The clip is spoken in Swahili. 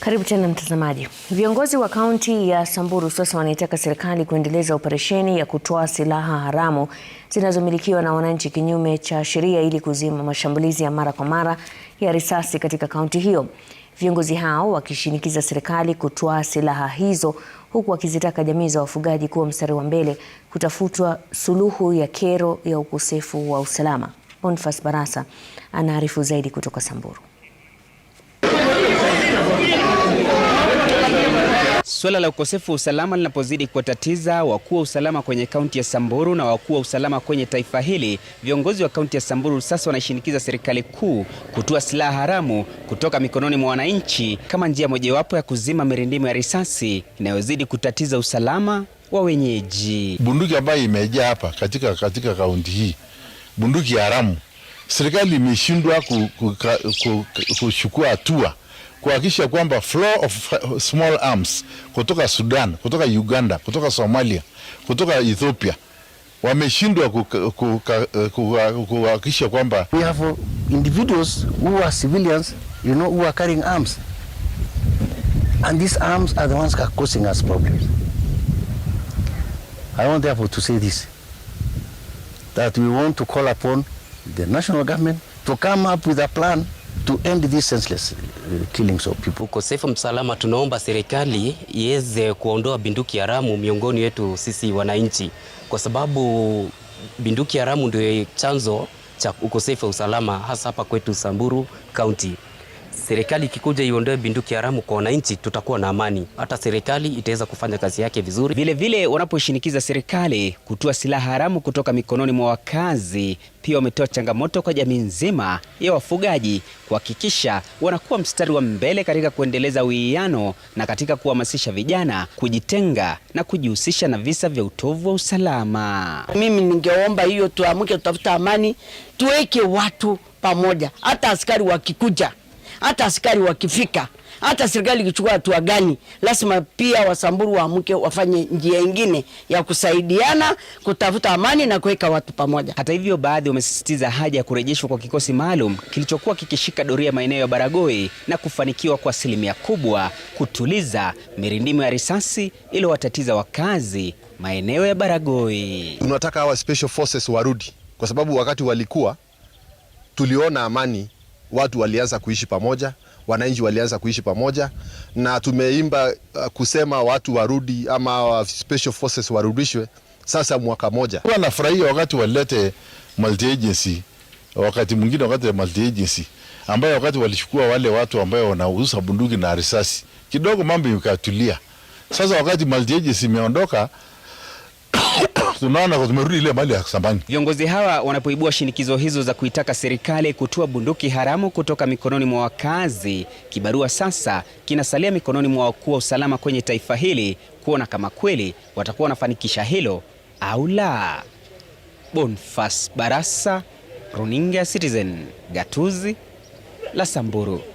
Karibu tena mtazamaji. Viongozi wa kaunti ya Samburu sasa wanaitaka serikali kuendeleza operesheni ya kutoa silaha haramu zinazomilikiwa na wananchi kinyume cha sheria ili kuzima mashambulizi ya mara kwa mara ya risasi katika kaunti hiyo. Viongozi hao wakishinikiza serikali kutoa silaha hizo huku wakizitaka jamii za wafugaji kuwa mstari wa mbele kutafutwa suluhu ya kero ya ukosefu wa usalama. Bonfas Barasa anaarifu zaidi kutoka Samburu. Suala la ukosefu wa usalama linapozidi kuwatatiza wakuu wa usalama kwenye kaunti ya Samburu na wakuu wa usalama kwenye taifa hili, viongozi wa kaunti ya Samburu sasa wanaishinikiza serikali kuu kutoa silaha haramu kutoka mikononi mwa wananchi kama njia mojawapo ya kuzima mirindimo ya risasi inayozidi kutatiza usalama wa wenyeji. Bunduki ambayo imejaa hapa katika katika kaunti hii, bunduki haramu, serikali imeshindwa kuchukua hatua kuhakikisha kwamba flow of small arms kutoka Sudan, kutoka Uganda, kutoka Somalia, kutoka Ethiopia wameshindwa kuhakikisha kwamba we have individuals who are civilians, you know, who are carrying arms and these arms are the ones that are causing us problems. I want therefore to say this that we want to call upon the national government to come up with a plan to end these senseless uh, killings of people. Ukosefu msalama, tunaomba serikali iweze kuondoa binduki haramu miongoni wetu sisi wananchi, kwa sababu binduki haramu ndio chanzo cha ukosefu wa usalama hasa hapa kwetu Samburu County serikali ikikuja iondoe binduki haramu kwa wananchi, tutakuwa na amani, hata serikali itaweza kufanya kazi yake vizuri. Vilevile wanaposhinikiza serikali kutoa silaha haramu kutoka mikononi mwa wakazi, pia wametoa changamoto kwa jamii nzima ya wafugaji kuhakikisha wanakuwa mstari wa mbele katika kuendeleza uwiano na katika kuhamasisha vijana kujitenga na kujihusisha na visa vya utovu wa usalama. Mimi ningeomba hiyo, tuamke, tutafuta amani, tuweke watu pamoja, hata askari wakikuja hata askari wakifika, hata serikali ikichukua hatua gani, lazima pia Wasamburu waamke, wafanye njia ingine ya kusaidiana kutafuta amani na kuweka watu pamoja. Hata hivyo, baadhi wamesisitiza haja ya kurejeshwa kwa kikosi maalum kilichokuwa kikishika doria maeneo ya Baragoi na kufanikiwa kwa asilimia kubwa kutuliza mirindimo ya risasi iliyowatatiza wakazi maeneo ya Baragoi. Tunataka hawa special forces warudi, kwa sababu wakati walikuwa tuliona amani watu walianza kuishi pamoja, wananchi walianza kuishi pamoja, na tumeimba uh, kusema watu warudi ama special forces warudishwe sasa mwaka moja. kwa nafurahia wakati walete multi agency, wakati mwingine wakati multi agency ambayo wakati walichukua wale watu ambayo wanauza bunduki na risasi kidogo, mambo ikatulia. Sasa wakati multi agency imeondoka tunaona tumerudi ile mali ya Sambani. Viongozi hawa wanapoibua shinikizo hizo za kuitaka serikali kutoa bunduki haramu kutoka mikononi mwa wakazi, kibarua sasa kinasalia mikononi mwa wakuu wa usalama kwenye taifa hili kuona kama kweli watakuwa wanafanikisha hilo au la. Bonfas Barasa, Runinga Citizen, gatuzi la Samburu.